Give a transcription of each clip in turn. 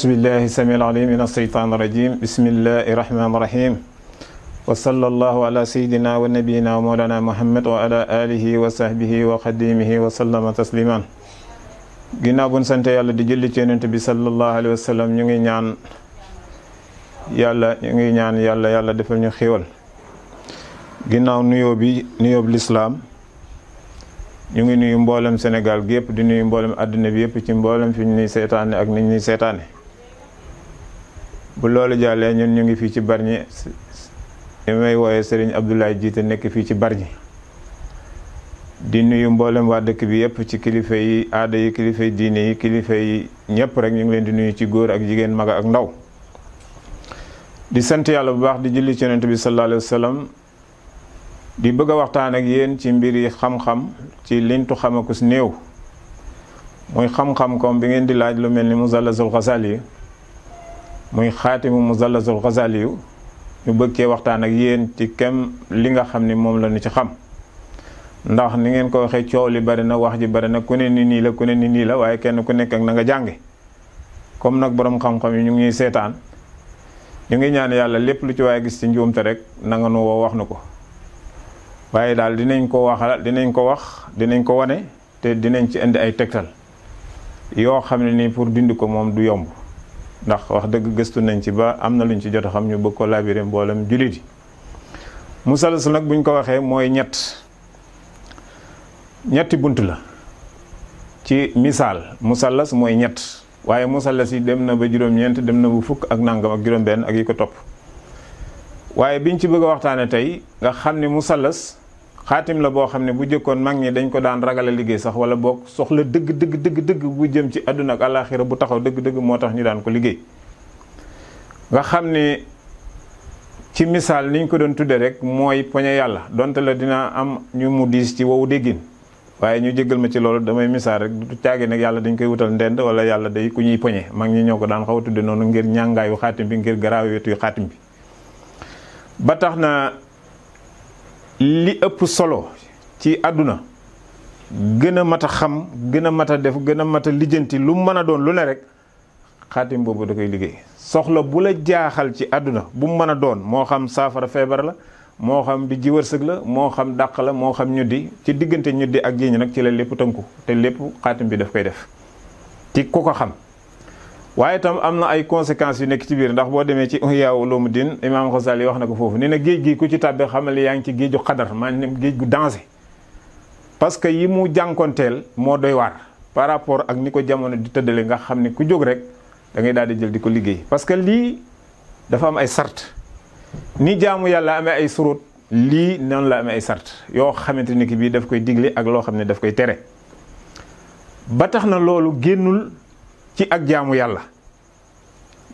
أعوذ بالله السميع العليم من الشيطان الرجيم بسم الله الرحمن الرحيم وصلى الله على سيدنا ونبينا ومولانا محمد وعلى آله وصحبه وخديمه وسلم تسليما ginnaaw bu ñu sant yàlla di julli ci yonent bi sallallahu alayhi wa sallam ñu ngi ñaan yàlla ñu ngi ñaan yàlla yàlla defal ñu xéwal ginnaaw nuyoo bi nuyoo bi lislaam ñu ngi nuyu mboolem senegal gi yëpp di nuyu mboolem àddina bi yëpp ci mboolem fi ñu ñuy seetaane ak ñu ñuy seetaane bu loolu jàllee ñun ñu ngi fii ci Bargny li may wooye Serigne Abdoulaye Diité nekk fii ci Bargny di nuyu mboolem waa dëkk bi yëpp ci kilifa yi aada yi kilifa yi diine yi kilifa yi ñëpp rek ñu ngi leen di nuyu ci góor ak jigéen mag ak ndaw di sant yàlla bu baax di julli ci yonent bi sallallahu alayhi wa di bëgg a waxtaan ak yéen ci mbir yi xam-xam ci lintu xamakus néew muy xam-xam comme bi ngeen di laaj lu mel ni Musalazul Xasali yi muy xaati mu musallasul xasaali yu ñu cee waxtaan ak yéen ci kem li nga xam ni moom la ñu ci xam ndax ni ngeen ko waxee coow li bari na wax ji bari na ku ne ni nii la ku ne ni nii la waaye kenn ku nekk ak na nga jànge comme nag boroom xam-xam yi ñu ngi seetaan ñu ngi ñaan yàlla lépp lu ci waaye gis ci njuumte rek nanga nu woo wax nu ko waaye daal dinañ ko waxal dinañ ko wax dinañ ko wane te dinañ ci indi ay tegtal yoo xam ne nii pour dindi ko moom du yomb ndax wax dëgg gëstu nañ ci ba am na luñ ci jot a xam ñu bëgg ko labiré mboolem jullit yi musalsal nag buñ ko waxee mooy ñett ñetti bunt la ci misaal musallas mooy ñett waaye musallas yi dem na ba juróom-ñeent dem na bu fukk ak nangam ak juróom-benn ak yi ko topp waaye biñ ci bëgg a waxtaane tey nga xam ni musallas xaatim la boo xam ne bu jëkkoon mag ñi dañ ko daan ragale liggéey sax wala boog soxla dëgg dëgg dëgg dëgg bu jëm ci àdduna ak alaaxira bu taxaw dëgg dëgg moo tax ñu daan ko liggéey xam ne ci misaal niñ ko doon tudde rek mooy poñe yàlla donte la dina am ñu mu diis ci wowu déggin waaye ñu jéggal ma ci loolu damay misaal rek du caage nag yàlla dañ koy wutal ndend wala yàlla day ku ñuy poñe mag ñi ñoo ko daan xaw a tudde noonu ngir ñàngaayu xaatim bi ngir garaaweetu xaatim bi ba tax na li ëpp solo ci àdduna gën a mat a xam gën a mat a def gën a mat a lijjanti lu mën a doon lu ne rek xaatim boobu da koy liggéey soxla bu la jaaxal ci àdduna bu mën a doon moo xam saafara feebar la moo xam di ji wërsëg la moo xam dàq la moo xam ñuddi ci diggante ñuddi ak jiiñ nag ci la lépp tënku te lépp xaatim bi daf koy def ti ku ko xam waaye tam am na ay conséquence yu nekk ci biir ndax boo demee ci Ihya Ulumuddin Imaam Xasali wax na ko foofu nee na géej gi ku ci tàbbe xamal yaa ngi ci géeju xadar maanaam géej gu danger parce que yi mu jànkonteel moo doy waar par rapport ak ni ko jamono di tëddale nga xam ne ku jóg rek da ngay daal di jël di ko liggéey parce que lii dafa am ay sart ni jaamu yàlla amee ay surut lii noonu la amee ay sart yoo xamante ni ki bii daf koy digle ak loo xam ne daf koy tere ci ak jaamu yàlla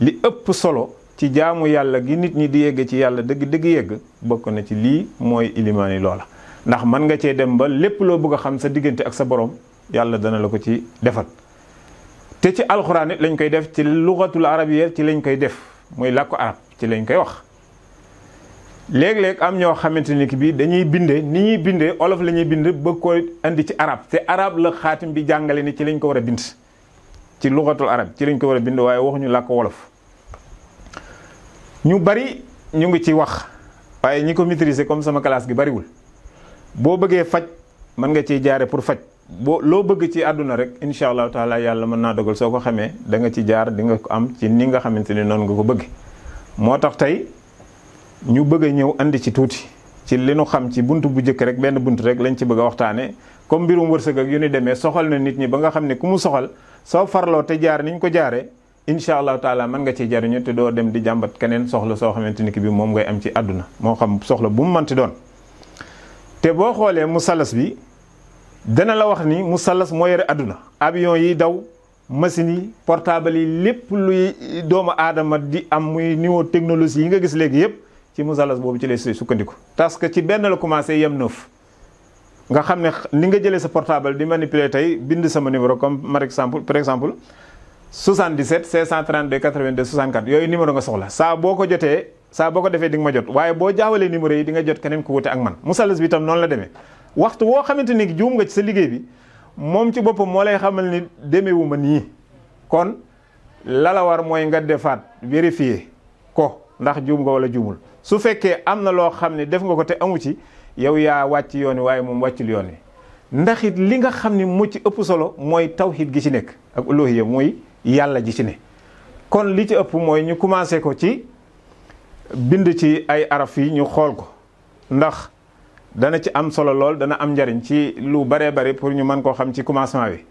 li ëpp solo ci jaamu yàlla gi nit ñi di yegg ci yàlla dëgg dëgg yegg bokk na ci lii mooy ilimaani loola ndax mën nga cee dem ba lépp loo bëgg a xam sa diggante ak sa borom yàlla dana la ko ci defal te ci alxuraan lañ koy def ci lugatul arabiya ci lañ koy def mooy làkku arab ci lañ koy wax léeg-léeg am ñoo xamante ni ki bi dañuy binde ni ñuy binde olof lañuy bind bëgg ko indi ci arab te arab la xaatim bi jàngale ni ci lañ ko war a bind ci luxatul arab ci lañ ko war a bind waaye waxuñu làkk wolof ñu bari ñu ngi ci wax waaye ñi ko maîtriser comme sama classe gi bariwul boo bëggee faj mën nga ciy jaare pour faj boo loo bëgg ci àdduna rek incha allah taala yàlla mën naa dogal soo ko xamee da nga ci jaar di nga ko am ci ni nga xamante ni noonu nga ko bëgg moo tax tey ñu bëgg a ñëw andi ci tuuti ci li nu xam ci bunt bu njëkk rek benn bunt rek lañ ci bëgg a waxtaane comme mbirum wërsëg ak yu demee soxal na nit ñi ba nga xam ne ku mu soxal soo farloo te jaar ñu ko jaaree incha allahu taala mën nga ciy jariñu te doo dem di jàmbat keneen soxla soo xamante ni ki bi moom ngay am ci àdduna moo xam soxla bu mu mënti doon. te boo xoolee musalas bi dana la wax ni musalas moo yore àdduna avion yi daw machine yi portable yi lépp luy doomu aadama di am muy niveau technologie yi nga gis léegi yépp ci musalas boobu ci lay sukkandiku. parce que ci benn la commencé yem neuf nga xam ne ni nga jëlee sa portable di manipuler tey bind sama numéro comme par exemple par exemple 77 532 82 64 yooyu numéro nga soxla saa boo ko jotee saa boo ko defee di nga ma jot waaye boo jaawalee numéro yi di nga jot keneen ku wute ak man musalas bi itam noonu la demee waxtu woo xamante ni juum nga ci sa liggéey bi moom ci boppa moo lay xamal ni demeewu ma nii kon lala war mooy nga defaat vérifier ko ndax juum nga wala juumul su fekkee am na loo xam ne def nga ko te amu ci yow yaa wàcc yoon wi waaye moom wàccul yoon wi ndax it li nga xam ni mu ci ëpp solo mooy tawhid gi ci nekk ak uluhiyya muy yàlla ji ci ne kon li ci ëpp mooy ñu commencé ko ci bind ci ay araf yi ñu xool ko ndax dana ci am solo lool dana am njariñ ci lu baree bari pour ñu mën koo xam ci commencement bi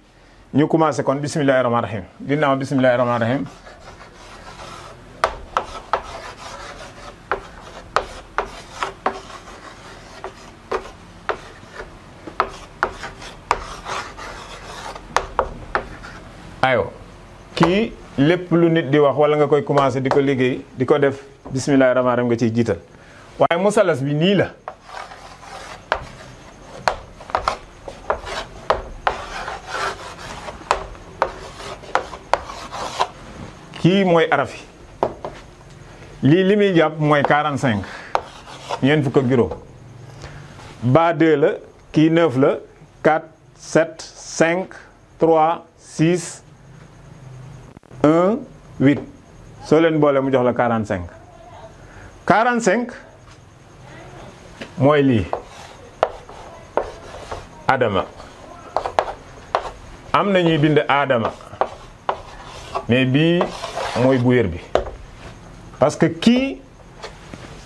ñu commencé kon bisimilahi rahmaani rahim ginnaaw bisimilahi rahmaani kii lépp lu nit di wax wala nga koy commencé di ko liggéey di ko def bisimilah rahmaani nga ciy jiital waaye musalas bi nii la. kii mooy arafi lii li muy jàpp mooy 45 ñeent fukk ak juróom ba 2 la kii 9 la 4 7 5 3 6. 1 8 soo leen boole mu jox la quarante 45 cinq mooy lii Adama am na ñuy bind Adama mais bii mooy bu wér bi parce que kii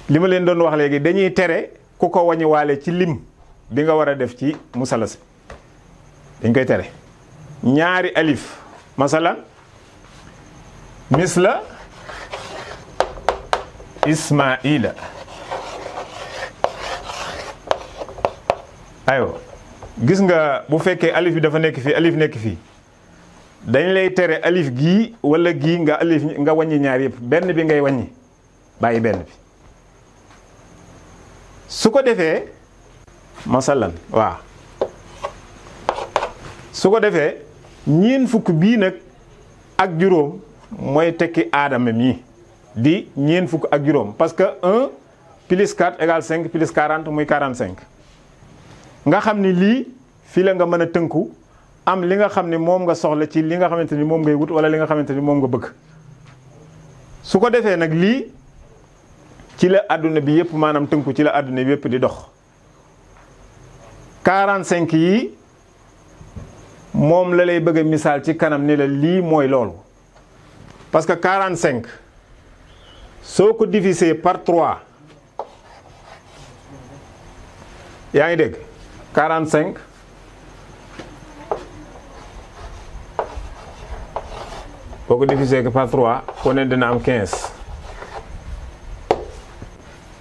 li ma leen doon wax léegi dañuy tere ku ko wañuwaale ci lim bi nga war a def ci si dañ koy tere ñaari alif masalan misla ismaila aywa gis nga bu fekkee alif bi dafa nekk fii alif nekk fii dañ lay tere alif gii wala gii nga alif nga wàññi ñaar yëpp benn bi ngay wàññi bàyyi benn bi su ko defee masalan waaw su ko defee ñeen fukk bii nag ak juróom mooy tekki aadama mi di ñeen fukk ak juróom parce que 1 plus 4 égale 5 plus 40 muy 45. nga xam ni lii fii la nga mën a tënku am li nga xam ni moom nga soxla ci li nga xamante ni moom ngay wut wala li nga xamante ni moom nga bëgg su ko defee nag lii ci la àdduna bi yëpp maanaam tënku ci la àdduna bi yëpp di dox cinq yi moom la lay bëgg a misaal ci kanam ni la lii mooy loolu. parce que cinq soo ko diviser par trois yaa ngi dégg 45 boo ko diviser par 3 ku ne dina am 15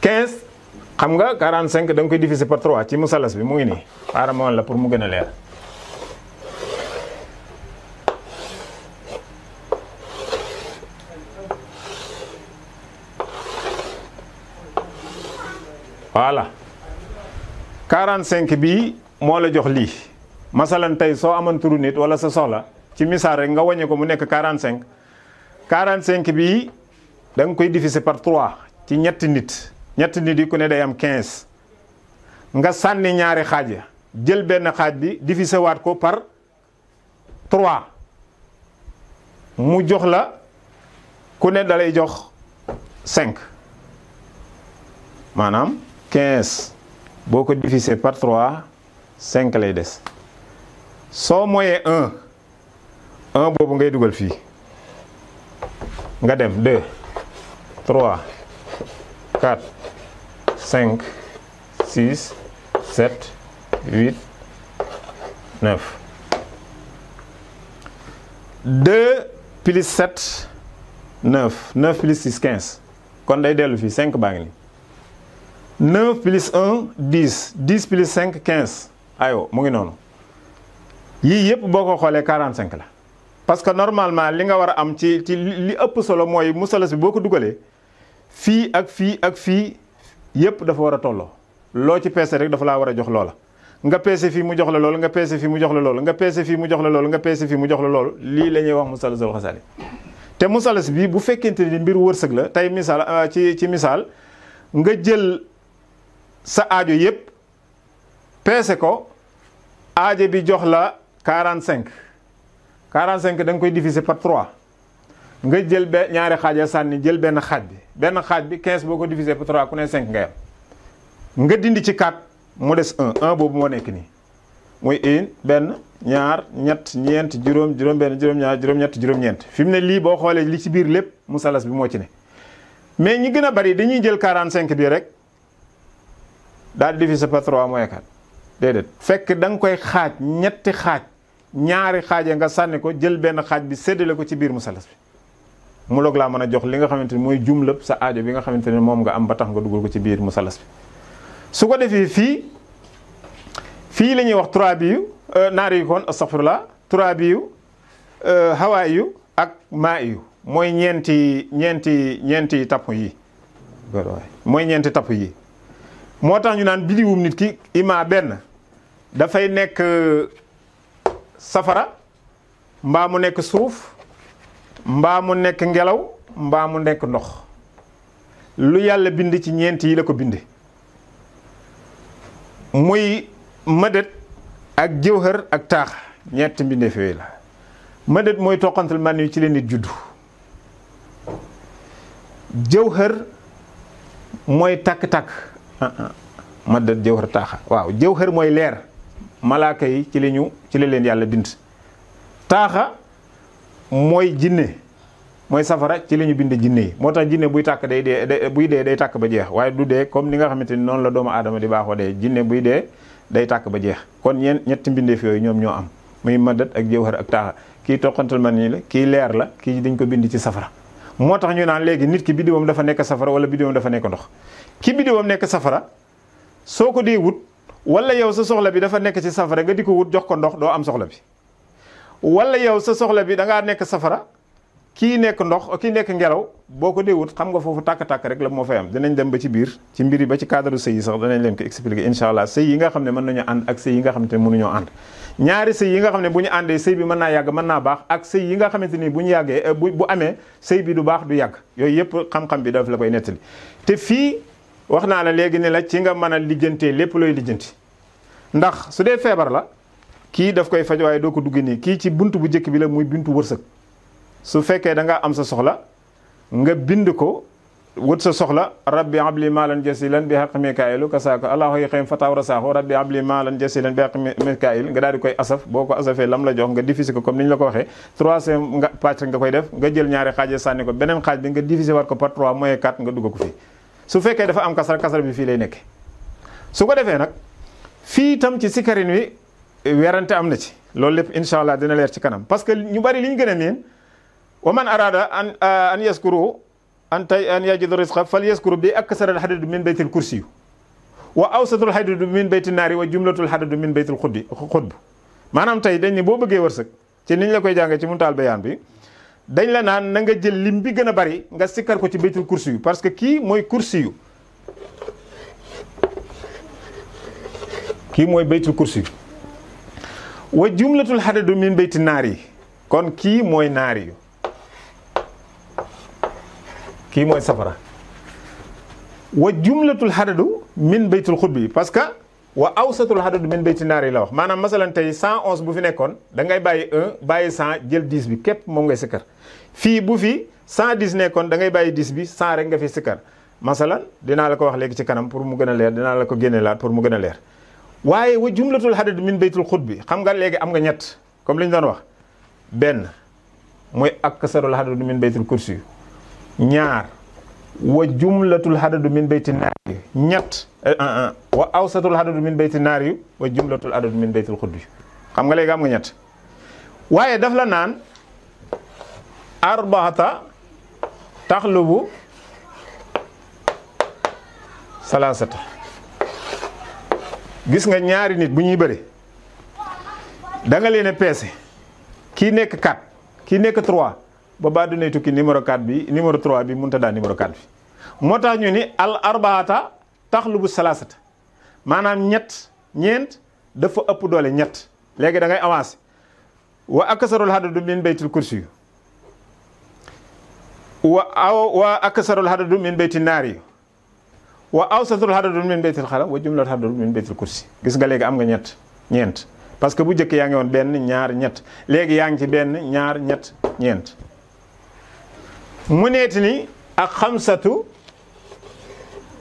15 xam nga 45 da nga koy diviser par 3 ci musalas bi mu ngi nii xaaral ma woon la pour mu gën a leer. voilà cinq bii moo la jox lii masalan tey soo amoon turu nit wala sa soxla ci misaal rek nga wàññi ko mu nekk 45 45 bii da nga koy diffise par trois ci ñetti nit ñetti nit yi ku ne day am quinze nga sànni ñaari xaaj ya jël benn xaaj bi diviser waat ko par 3 mu jox la ku ne dalay jox 5 maanaam. quinze boo ko diviser par trois cinq lay des soo moyee un un boobu ngay dugal fii nga dem deux trois quatre cinq six sept huit neuf deux plus sept neuf neuf plus six quinze kon day dellu fii cinq baa ngi nii plus un 10 10 plus cinq quinze aywa mu ngi noonu yii yëpp boo ko xoolee cinq la parce que normalement li nga war a am ci ci li ëpp solo mooy musalas bi boo ko dugalee fii ak fii ak fii yëpp dafa war a tolloo loo ci peese rek dafa laa war a jox loola nga peese fii mu jox la loolu nga peese fii mu jox la loolu nga peese fii mu jox la loolu nga peese fii mu jox la loolu lii la ñuy wax musalasul xasaali te musalas bi bu fekkente ni mbir wërsëg la tey misaal euh, ci ci misaal nga jël sa aajo yëpp peese ko aajo bi jox la quarante cinq quarante cinq da koy diviser par trois nga jël be ñaari xaaj sànni jël benn xaaj bi benn xaaj bi quinze boo ko diviser par trois ku ne cinq nga yam nga dindi ci quatre mu des un un boobu moo nekk nii mooy une benn ñaar ñett ñeent juróom juróom benn juróom ñaar juróom ñett ñeent fi mu ne lii boo xoolee li ci biir lépp musalas bi moo ci ne mais ñi gën a bari dañuy jël quarante cinq bi rek. daal divisé par 3 mooy 4 déedéet fekk da nga koy xaaj ñetti xaaj ñaari xaaje nga sànni ko jël benn xaaj bi séddale ko ci biir musalas bi mu loog laa mën a jox li nga xamante ni mooy jumlëb sa aajo bi nga xamante ne moom nga am ba tax nga dugal ko ci biir musalas bi su ko defee fii fii lañuy wax trois biyu euh, naari yu kon astaghfirullah trois bi euh, hawaay yu ak maa yu mooy ñeenti ñeenti ñeenti tapp yi mooy ñeenti tapp yi moo tax ñu naan bidiwum nit ki ima benn dafay nekk safara mbaa mu nekk suuf mbaa mu nekk ngelaw mbaa mu nekk ndox lu yàlla bind ci ñeent yi la ko bind muy mëdët ak jëwhër ak taax ñett mbindeef yooyu la mëdët mooy toqantal man yi ci leen nit juddu jëwhër mooy tàkk-tàkk maddat jëwxër taaxa waaw jëw xër mooy leer malaaka yi ci li ñu ci la leen yàlla bind taaxa mooy jinne mooy safara ci la ñu bind jinne yi moo tax jinne buy tàkk day dee buy dee day tàkk ba jeex du dee comme ni nga xamante ni noonu la doomu aadama di baaxoo jinne buy dee day tàkk ba jeex kon ñeen ñetti mbindeef yooyu ñoom ñoo am muy maddat ak jëwxër ak taaxa kii toqantal man nii la kii leer la kii dañ ko bind ci safara moo tax ñu naan léegi nit ki biddiwam dafa nekk safara wala biddiwam dafa nekk ndox ki biddiwam nekk safara soo ko dee wut wala yow sa soxla bi dafa nekk si safara nga di ko wut jox ko ndox doo am soxla bi wala yow sa soxla bi da ngaa nekk safara kii nekk ndox kii nekk ngelaw boo ko dee wut xam nga foofu tàkk-tàkk rek la moo fay am danañ dem ba ci biir ci mbir yi ba ci cadre sëy yi sax danañ leen ko expliquer incha allah sëy yi nga xam ne mën nañoo ànd ak sëy yi nga xam te ne mënuñoo ànd ñaari sëy yi nga xam ne bu ñu àndee sëy bi mën naa yàgg mën naa baax ak sëy yi nga xamante ni bu ñu yàggee eh, bu bu amee sëy bi du baax du yàgg yooyu yëpp xam-xam bi dafa la koy nettali te fii wax naa la léegi ne la ci nga mën a lijjantee lépp looy lijjanti ndax su dee feebar la kii daf koy faj waaye doo ko dugg nii kii ci bunt bu njëkk bi la muy buntu wërsëg su fekkee dangaa am sa soxla nga bind ko wut sa soxla rabbi abli maalan jasilan bi xaq mikaayilu kasaako alaahu yi xëym fatawra saaxu rabbi abli maalan jasilan bi xaq mikaayil nga daal koy asaf boo ko asafee lam la jox nga diffusé ko comme ni la ko waxee troisième nga nga koy ko beneen xaaj bi nga diffusé waat ko par 3 moyen nga dugg ko fii su fekkee dafa am kasara kasara bi fii lay nekke su ko defee nag fii tam ci sikarin wi werante am na ci loolu lépp incha allah dina leer ci kanam parce que ñu bari wa man araada an uh, an yaskuru an tay an yajid risqa fal yaskuru bi aksaral xadadu min baytil kursiyu wa awsatul xadadu min bayti naari wa jumlatul xadadu min baytil xuddi xudb maanaam tey dañ ni boo bëggee wërsëg ci niñ la koy jàngee ci Mumtaal Bayaan bi dañ la naan na nga jël lim bi gën a bari nga sikkar ko ci baytul yu parce que kii mooy kursiyu kii mooy baytul kursiyu wa jumlatul xadadu min bayti yi kon kii mooy naar yi kii mooy safara wa jumlatul xadadu min baytul xubbi parce que wa awsatul xadadu min bayti naar yi la wax maanaam masalan tey 111 bu fi nekkoon da ngay bàyyi 1 bàyyi 100 jël 10 bi képp moom ngay sikkar fii bu fi 110 nekkoon da ngay bàyyi 10 bi 100 rek nga fi sikkar masalan dinaa la ko wax léegi ci kanam pour mu gën a leer dinaa la ko génne laat pour mu gën a leer waaye wa jumlatul xadadu min baytul bi xam nga léegi am nga ñett comme li ñu doon wax benn mooy ak sarul xadadu min baytul kursi ñaar wa jumlatul hadadu min bayti naar yu ñett eh, eh, eh, wa awsatul hadadu min bayti naar yu wa jumlatul hadadu min baytil xudd yu xam nga léegi am nga ñett waaye daf la naan arbaata taxlubu salaasata gis nga ñaari nit bu ñuy bëri danga leena leen peese kii nekk 4 kii nekk 3 ba ba dunay tukki numéro 4 bi numéro 3 bi mënut a daan numéro 4 bi moo tax ñu ni al arbaata tax lu bu salaasata maanaam ñett ñeent dafa ëpp doole ñett léegi da ngay avancé wa akasarul hadadu min baytil kursi wa aw wa akasarul hadadu min bayti naari wa awsatul hadadu min baytil xala wa jumlatul hadadu min baytil kursi gis nga léegi am nga ñett ñeent parce que bu njëkk yaa ngi woon benn ñaar ñett léegi yaa ngi ci benn ñaar ñett ñeent mu neet ni ak xam satu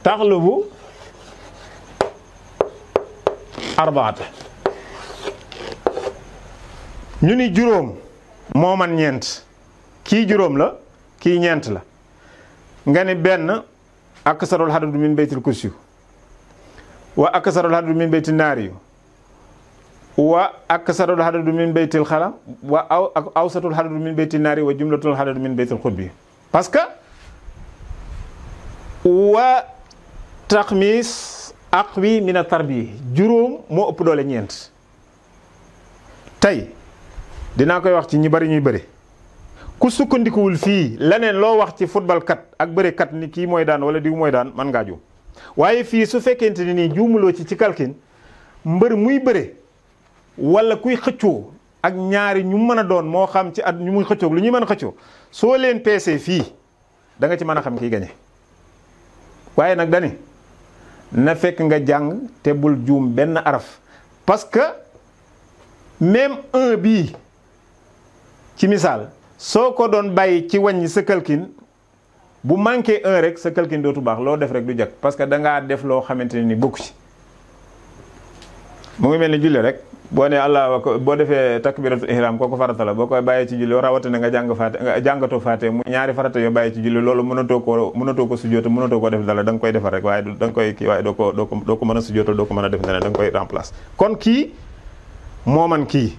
taxlubu arbaata ñu ni juróom moo man ñeent kii juróom la kii ñeent la nga ni benn akasarul xadadu min baytil kursi wa akasarul xadadu min baytil naari yu wa akasarul xadadu min baytil xalam wa aw awsatul xadadu min baytil naari wa jumlatul xadadu min baytil xutbi parce que wa wi aqwi mina tarbi juróom moo ëpp doole ñeent tey dinaa koy wax ci ñi bari ñuy bëri ku sukkandikuwul fii leneen loo wax ci football ak bëre kat ni kii mooy daan wala diw mooy daan man ngaa juum waaye fii su fekkente ni nii juumuloo ci ci kalkin mbër muy bëre wala kuy xëccoo ak ñaari ñu mën a doon moo xam ci at ñu mu xëccoog lu ñuy mën a xëccoo soo leen peesee fii da nga ci mën a xam kii gañe waaye nag dani na fekk nga jàng te bul juum benn araf parce que même bii ci misaal soo ko doon bàyyi ci wàññi sa calcul bu manqué un rek sa calcul dootu baax loo def rek du jag parce que da ngaa def loo xamante ne ni bokku ci mu ngi mel ni julli rek boo ne allah boo defee takbiratul ihram kooku farata la boo koy bàyyee ci julli rawatina nga jàng faate nga jàngatoo faate mu ñaari farata yoo bàyyee ci julli loolu mënatoo koo mënatoo ko sujjóota mënatoo koo def dala da koy defar rek waaye da nga koy kii waaye doo ko doo ko doo ko mën a sujjóota ko mën a def dala da nga koy remplace kon kii moo man kii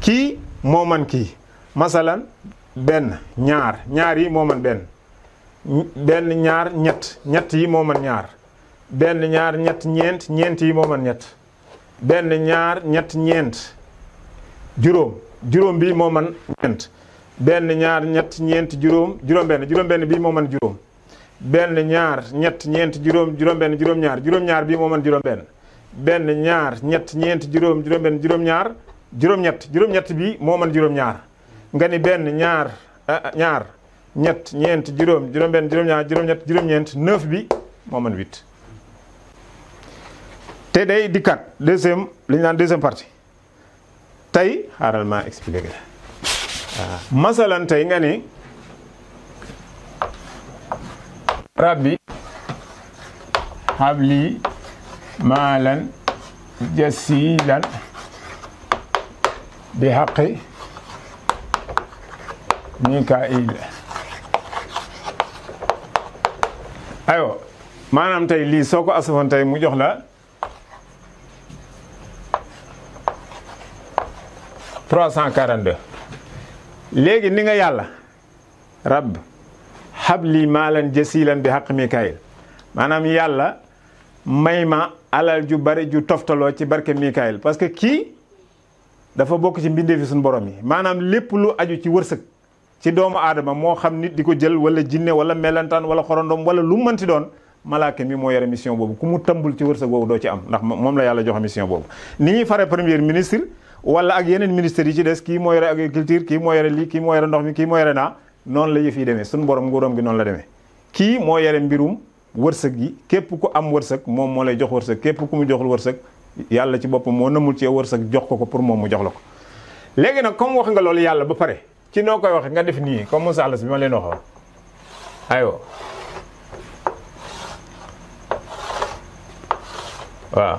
kii moo man kii masalan benn ñaar ñaar yi moo man benn ñaar ñett ñett yi moo man ñaar benn ñaar ñett ñeent ñeent yi moo ñett benn ñaar ñett ñeent juróom juróom bii moo man ñeent benn ñaar ñett ñeent juróom juróom benn juróom benn bii moo man juróom benn ñaar ñett ñeent juróom juróom benn juróom ñaar juróom ñaar bii moo man juróom benn benn ñaar ñett ñeent juróom juróom benn juróom ñaar juróom ñett juróom ñett bii moo man juróom ñaar nga ni benn ñaar ñaar ñett ñeent juróom juróom benn juróom ñaar juróom ñett juróom ñeent neuf bi moo man huit te day dikkaat deuxième li ñu naan deuxième partie tey xaaral maa expliqué la ah, masalan tey nga ni rabbi habli maalan jasilan bi haqi mikail ayo maanaam tey lii sooko ko asafoon mu jox la 342 léegi ni nga yàlla rabb habli maalan jasilan bi xaq mikaayil maanaam yàlla may ma alal ju bari ju toftaloo ci barke mikaayil parce que kii dafa bokk ci mbindeefi suñu borom yi maanaam lépp lu aju ci wërsëg ci doomu aadama moo xam nit di ko jël wala jinne wala melantaan wala xorondom wala lu mënti doon malaaka mi moo yore mission boobu ku mu tëmbul ci wërsëg boobu doo ci am ndax moom la yàlla jox mission boobu ni ñuy fare ministre wala ak yeneen ministères yi ci des kii moo yore agriculture kii moo yore lii kii moo yore ndox mi kii moo yore naa noonu la yëf yi demee suñu borom nguuram gi noonu la demee kii moo yore mbirum wërsëg gi képp ku am wërsëg moom moo lay jox wërsëg képp ku mu joxul wërsëg yàlla ci boppam moo namul ci wërsëg jox ko ko pour moom mu jox la ko léegi nag comme wax nga loolu yàlla ba pare ci noo koy waxe nga def nii comme Moussa Allas bi ma leen waxoon aywa waaw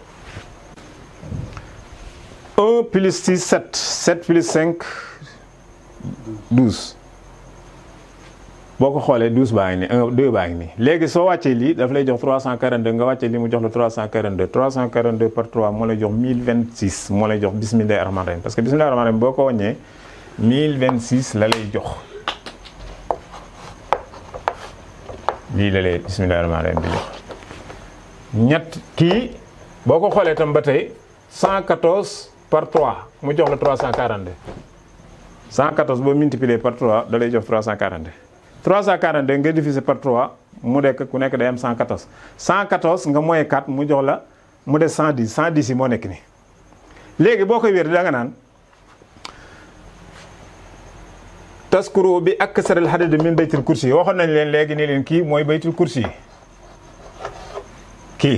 1 plus 6 7 7 plus cinq 12 boo ko xoolee 12 baa ngi nii 1 2 nii léegi soo wàccee lii daf lay jox 342 nga wàccee lii mu jox la 342 342 par 3 moo lay jox 1026 moo lay jox bismillahi rahmani rahim parce que bismillahi rahmani boo ko wàññee 1026 la lay jox lii la lay bismillahi rahmani rahim bi ñett kii boo ko xoolee tam ba tey 114 par 3 mu jox la cent 342 114 boo multiplier par 3 da lay jox 342 342 nga diviser par 3 mu nekk ku nekk day am cent 114 114 nga moyen 4 mu jox la mu des 110 110 yi moo nekk nii léegi boo koy wér da nga naan taskuru bi ak saral xadid min baytul kursi yi waxoon nañ leen léegi ni leen kii mooy baytul kursi kii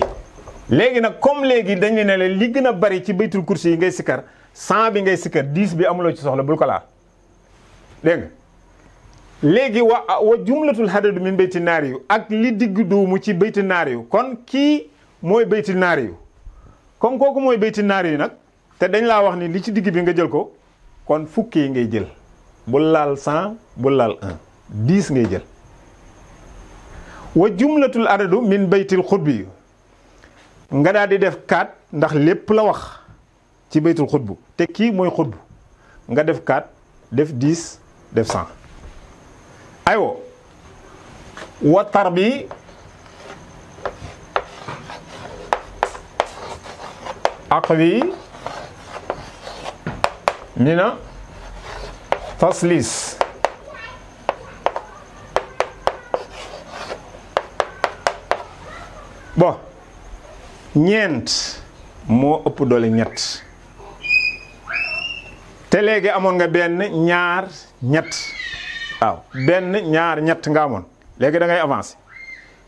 léegi nag comme léegi dañ ne leen li gën a bari ci baytul kursi yi ngay sikkar cent bi ngay sikkar dix bi amuloo ci soxla bul ko laal dégg léegi wa wa jumlatul hadadu min bayti naari yu ak li digg doomu ci bayti naari yu kon kii mooy bayti naari yu kon kooku mooy bayti naari yu nag te dañ laa wax ni li ci digg bi nga jël ko kon fukki yi ngay jël bu laal cent bu laal un dix ngay jël wa jumlatul adadu min baytil xutbi yu nga daal di def 4 ndax lépp la wax ci baytul xutbu te kii mooy xutbu nga def 4 def diis def 100 aywa wa tarbi aqwi mina taslis bon ñeent moo ëpp doole ñett te léegi amoon nga benn ñaar ñett waaw benn ñaar ñett nga amoon léegi da ngay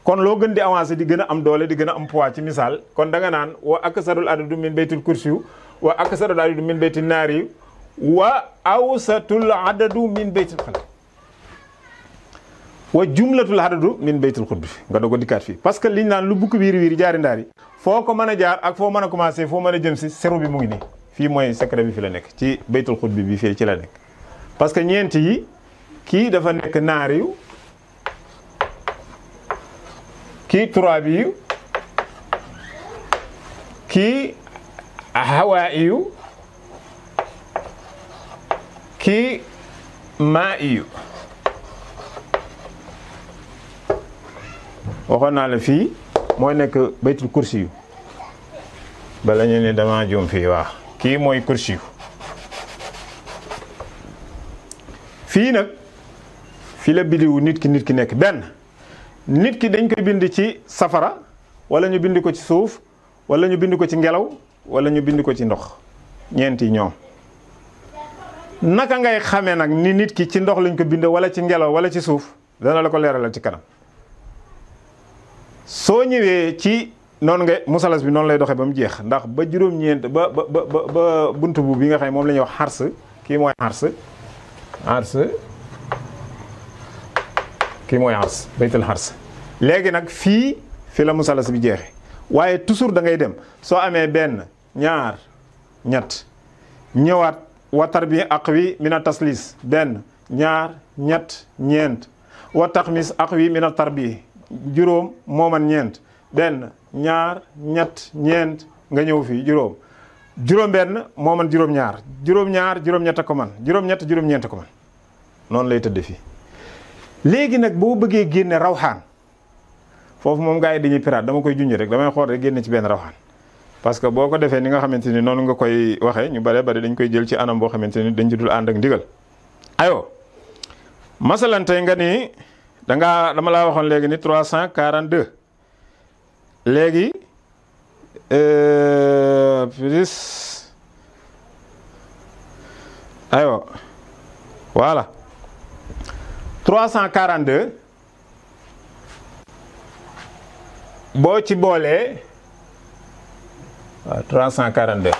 kon loo gën di avance di gën a am doole di gën a am poids ci misaal kon da nga naan wa aksarul adadu min baytil kursi yu wa aksarul adadu min baytil naari wa awsatul adadu min baytil xalq wa jumlatul hadadu min baytul xutbi nga doog a dikkaat fii parce que liñ naan lu bukk wiiri wiiri jaari ndaari foo ko mën jaar ak foo mën a commencé foo mën a jëm si sero bi mu ngi nii fi mooy secret bi fi la nekk ci baytul xutbi bi fii ci la nekk parce que ñeent yi kii dafa nekk naari yu kii turaabi yu kii hawaa yu kii maa waxoon naa la fii mooy nekk baytu kursi yu bala ñu ne dama juum fii waa kii mooy kursi fii nag fii la bidiwu nit ki nit ki nekk benn nit ki dañ koy bind ci safara wala ñu bind ko ci suuf wala ñu bind ko ci ngelaw wala ñu bind ko ci ndox ñeenti ñoom naka ngay xamee nag ni nit ki ci ndox lañ ko bind wala ci ngelaw wala ci suuf dana la ko leeralal ci kanam soo ñëwee ci noonu nga musalas bi noonu lay doxee ba mu jeex ndax ba juróom-ñeent ba ba ba ba buntu bu bi nga xam ne moom lañuy ñuy wax xars kii mooy xars xars kii mooy xars baytal xars léegi nag fii fi la musalas bi jeexee waaye toujours da ngay dem soo amee benn ñaar ñett ñëwaat watar bi aq wi mina taslis benn ñaar ñett ñeent wa taxmis aq wi mina tarbi juróom moo man ñeent benn ñaar ñett ñeent nga ñëw fii juróom juróom-benn moo man juróom-ñaar juróom-ñaar ñett a ko man juróom-ñett juróom-ñeent a ko man noonu lay tëdd fi léegi nag boo bëggee génne rawxaan foofu moom gaa yi dañuy piraat dama koy junj rek damay xool rek génne ci benn rawxaan parce que boo ko defee ni nga xamante ni noonu nga koy waxee ñu bare bare dañ koy jël ci anam boo xamante ni dañ ci dul ànd ak ndigal. aywa masalan nga ni. da ngaa dama laa waxoon léegi ni trois cent quarante deux léegi euh, plus aywa voilà trois cent quarante deux boo ci boolee waaw trois cent quarante deux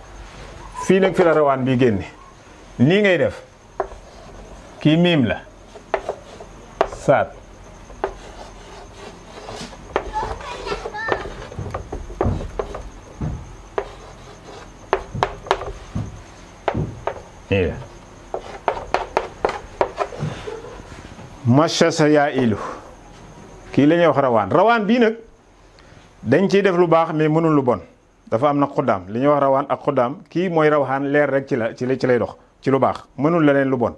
fii nag fi la rawaan bi génne nii ngay def kii miim la saat nii sa yaa ilu kii lañuy ñuy wax rawaan rawaan bii nag dañ ciy def lu baax mais mënul lu bon dafa am na xuddaam li ñuy wax rawaan ak xuddaam kii mooy rawaxaan leer rek ci la ci la ci lay dox ci lu baax mënul la leen lu bon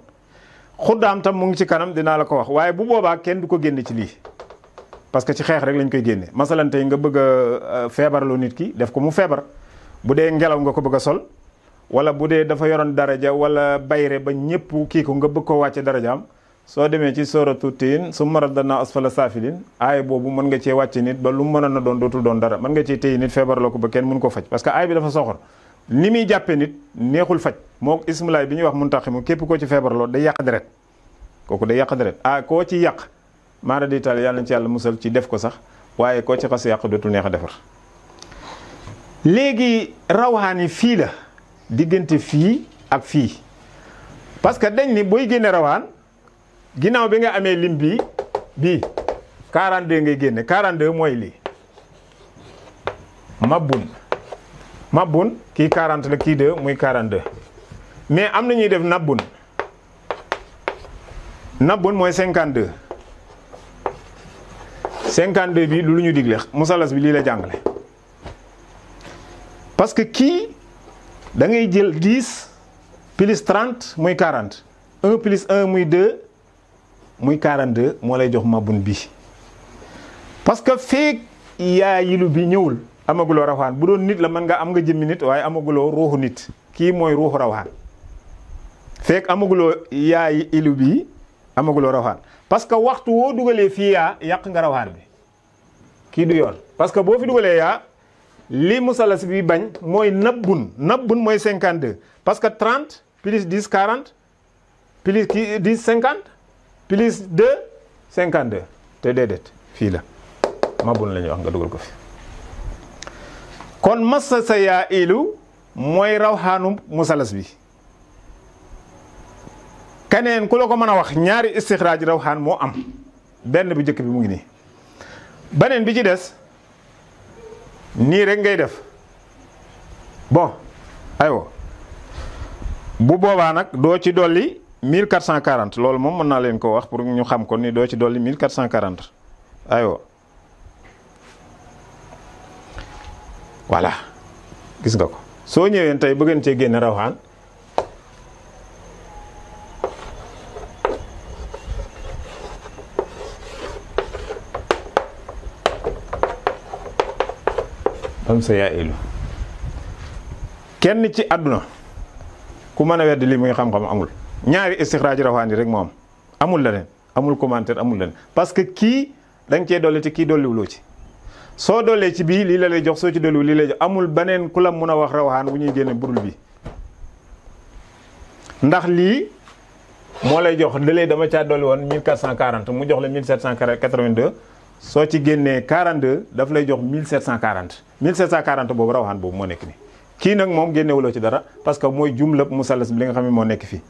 xuddaam tam mu ngi ci kanam dinaa la ko wax waaye bu boobaa kenn du ko génne ci lii parce que ci xeex rek lañ koy génne masalan tey nga bëgg feebar feebarloo nit ki def ko mu feebar bu dee ngelaw nga ko bëgg sol wala bu dee dafa yoroon daraja wala bayre ba ñëpp kii ko nga bëgg koo wàcce am soo demee ci su sooratu tiin summa radadnaa asfala saafilin aay boobu mën nga cee wàcc nit ba lu mu mënoon a doon dootul doon dara mën nga cee téye nit feebar la ko ba kenn mun ko faj parce que aay bi dafa soxor ni muy jàppee nit neexul faj moo ismulaay bi ñuy wax mun muntaximu képp koo ci feebarloo day yàq deret kooku day yàq deret ah koo ci yàq maara di taal yàlla ci yàlla musal ci def ko sax waaye koo ci xas yàq dootul neex a defar léegi rawaani fii la diggante fii ak fii parce que dañ booy génne rawaan ginnaaw bi nga amee lim bii bii 42 ngay génne 42 mooy lii mabun mabun kii quarante la kii 2 muy 42 mais am na ñuy def nabun nabun mooy cinquante 52 bi lu ñu digle musalas bi lii la jàngale parce que kii da ngay jël 10 plus 30 muy 40 1 plus 1 muy 2 muy 42 moo lay jox mabun bi parce que feeg yaa yilu bi ñëwul amaguloo rawaan bu doon nit la man nga am nga jëmmi nit waaye amaguloo ruuxu nit kii mooy ruuxu rawaan feeg amaguloo yaa ilu bi amaguloo rawaan parce que waxtu woo dugalee fii yaa yàq nga rawaan bi kii du yoon parce que boo fi dugalee yaa li musalas bi bañ mooy nabbun nabbun mooy 52 parce que 30 plus 10 quarant plus 10 cinquante plus 2 52 te déedéet fii la mabun la wax nga dugal ko fi kon massa sa yaa ilu mooy rawxaanu musalas bi keneen ku la ko mën a wax ñaari istixraaj rawxaan moo am benn bu njëkk bi mu ngi nii beneen bi ci des nii rek ngay def bo aywa bu boobaa nag doo ci dolli 1440 loolu moom mën naa leen ko wax pour ñu xam ko ni doo ci dolli 1440 aywa voilà gis nga ko soo ñëwee tey bëggeen cee génne rawxaan am sa yaa kenn ci àdduna ku mën a weddi li muy xam-xam amul ñaari istixraaj rawaani rek moom amul leneen amul commentaire amul leneen parce que kii da nga cee dolli ci kii wuloo ci soo dollee ci bii lii la lay jox soo ci dolliwul lii lay jox amul beneen ku la mun a wax rawaxaan bu ñuy génne burul bi ndax lii moo lay jox lëlee dama caa dolli woon 1440 mu jox la 1782 soo ci génnee 42 daf lay jox 1740 1740 boobu rawaxaan boobu moo nekk nii kii nag moom génnewuloo ci dara parce mooy jumla musallas bi li nga xam ne moo nekk fii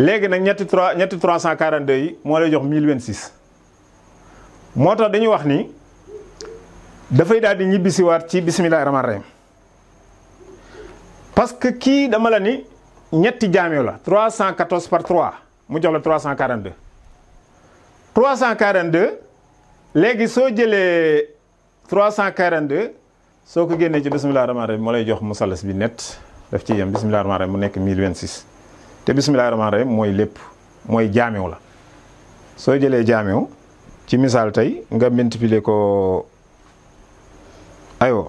léegi nag ñetti trois ñetti trois cent quarante-deux yi moo lay jox mille vingt-six moo tax dañuy wax ni dafay daal di ñibbisiwaat ci bisimilah rahmaani rahim parce que kii dama la ni ñetti jaamio la trois cent quatorze par mu jox la trois cent quarante-deux cent quarante-deux léegi soo jëlee trois cent quarante-deux soo ko génnee ci bisimilah rahmaani rahim moo lay jox musalas bi net daf ci yem bisimilah rahmaani rahim mu nekk mille vingt-six te bisimilah rahmaani rahiim mooy lépp mooy jaamew la soo jëlee jaamew ci misaal tey nga multiplier ko aywa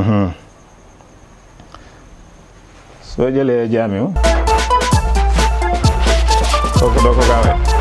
mhm. soo jëlee jaamew kooku doo ko gaawee